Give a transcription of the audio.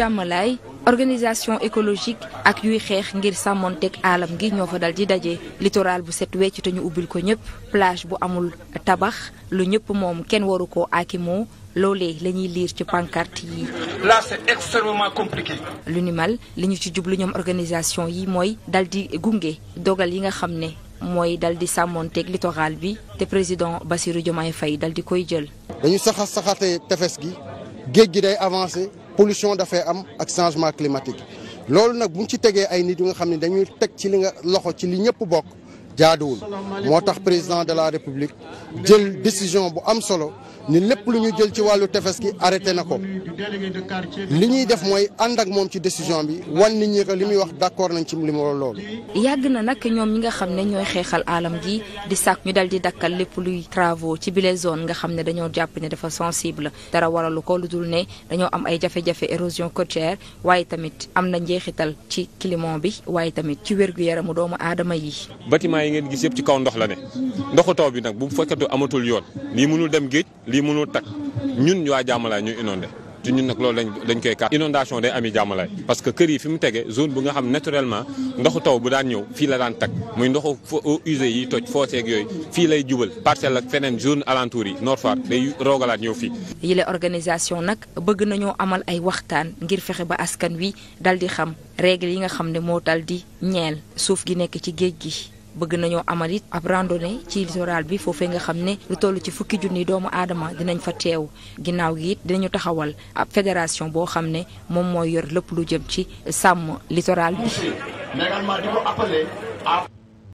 Diamalaye organisation écologique ak yuy xeex ngir sàmmoon teg aalam gi ñoo fa dal di daje littoral bu set wecc te ñu ubbil ko ñëpp plage bu amul tabax lu ñëpp moom kenn waru koo aakimoo loolee la ñuy liir ci pancarte yi. lu nimal li ñu ci jublu ñoom organisation yi mooy dal di gunge dogal yi nga xam ne mooy dal di sàmmonteeg littoral bi te président Bassirou Diomaye fay dal di koy jël. dañu saxat saxatee tefes gi géej gi day avancé. pollution dafay am ak changement climatique loolu nag buñ ci tegee ay nit yu nga xam ne dañuy teg ci li nga loxo ci li ñëpp bokk jaaduwul moo tax président de la république jël décision bu am solo ni lépp lu ñu jël ci wàllu tefes gi arrêté na ko li ñuy def mooy ànd ak moom ci décision bi wan nit ñi que li muy wax d'accord nañ ci li lool loolu. yàgg na nag ñoom ñi nga xam ne ñooy xeexal alam gi di sàkk ñu dal di dakkal lépp luy travaux ci bile zone nga xam ne dañoo jàpp ne dafa sensible dara waralu ko lu dul ne dañoo am ay jafe-jafe érosion côtière waaye tamit am na njeexital ci climat bi waaye tamit ci wér yaramu doomu aadama yi yi ngeen gis yëpp ci kaw ndox la ne ndoxu taw bi nag bu fekkatu amatul yoon lii mënul dem géej lii mënul tak ñun waa jàmmalaay ñu inondé te ñun nag loolu dañ dañ koy kat inondation day ami jàmmalaay parce que kër yi fi mu tege zone bu nga xam naturellement ndoxu taw bu daan ñëw fii la daan tag muy ndoxu eaux usées yi toj fooseeg yooyu fii lay jubal parcelle ak feneen zone alentour yi Nord Foire day roogalaat ñëw fii yile organisation nag bëgg nañoo amal ba askan wi dal di xam yi nga xam ne moo dal di ñeel gi nekk ci gi bëgg nañoo amal it ab randonnée ci littoral bi foofee nga xam ne lu toll ci fukki junni doomu aadama dinañ fa teew ginnaaw gi it dinañu taxawal ab fédération boo xam ne moom mooy yor lépp lu jëm ci sàmm littoral bi.